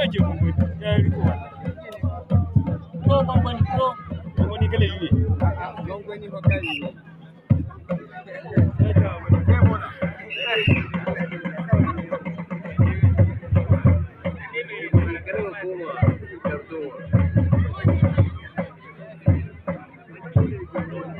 rage mun ya riko ko bangon ko bangon gale ne bangon ba kai Thank you.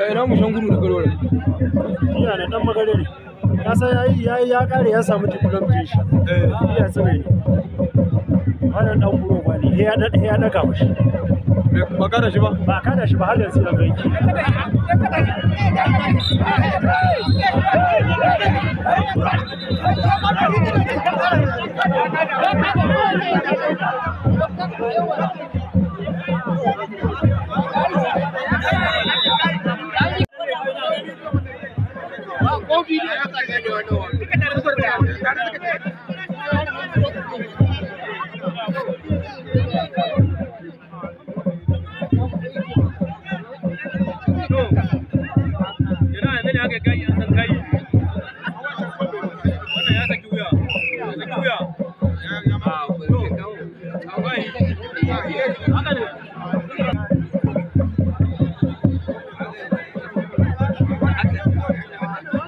kai eh, na mushan gudu da garore iya ne dan magare ne ya san yayi yayi ya kare ya samu diplom din shi eh iya tsaye wannan dan guro ba ne ya dade ya daka mushi ba kada shi ba ba kada shi ba har yanzu ya ki. Thank you.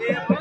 Yeah.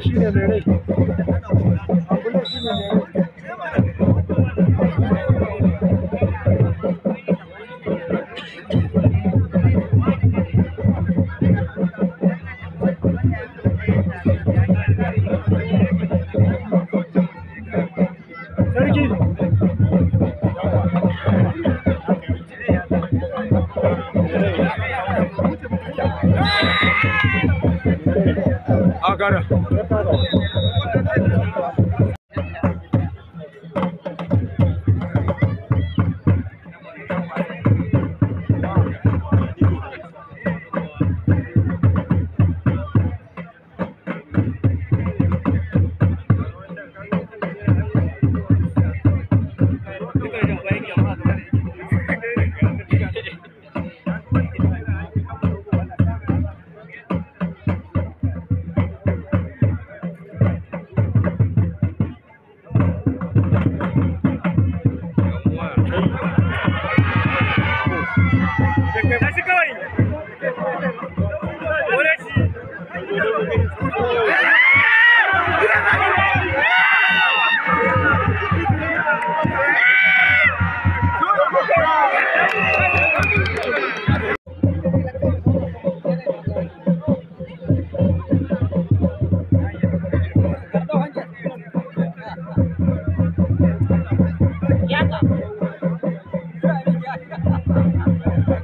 ambulance ne nere ambulance ne nere Thank you.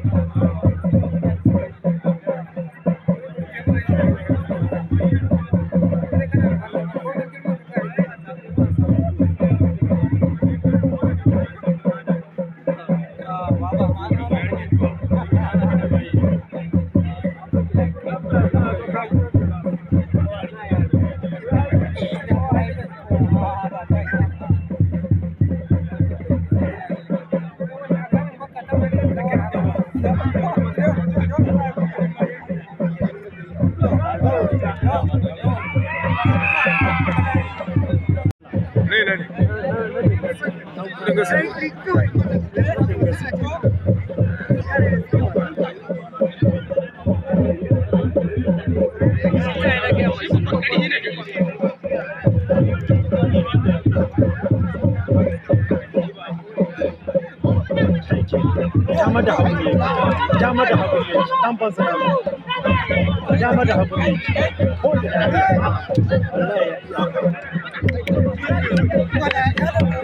Thank you. dama da haƙuri dama da haƙuri dan ban zai da haƙuri ko da ya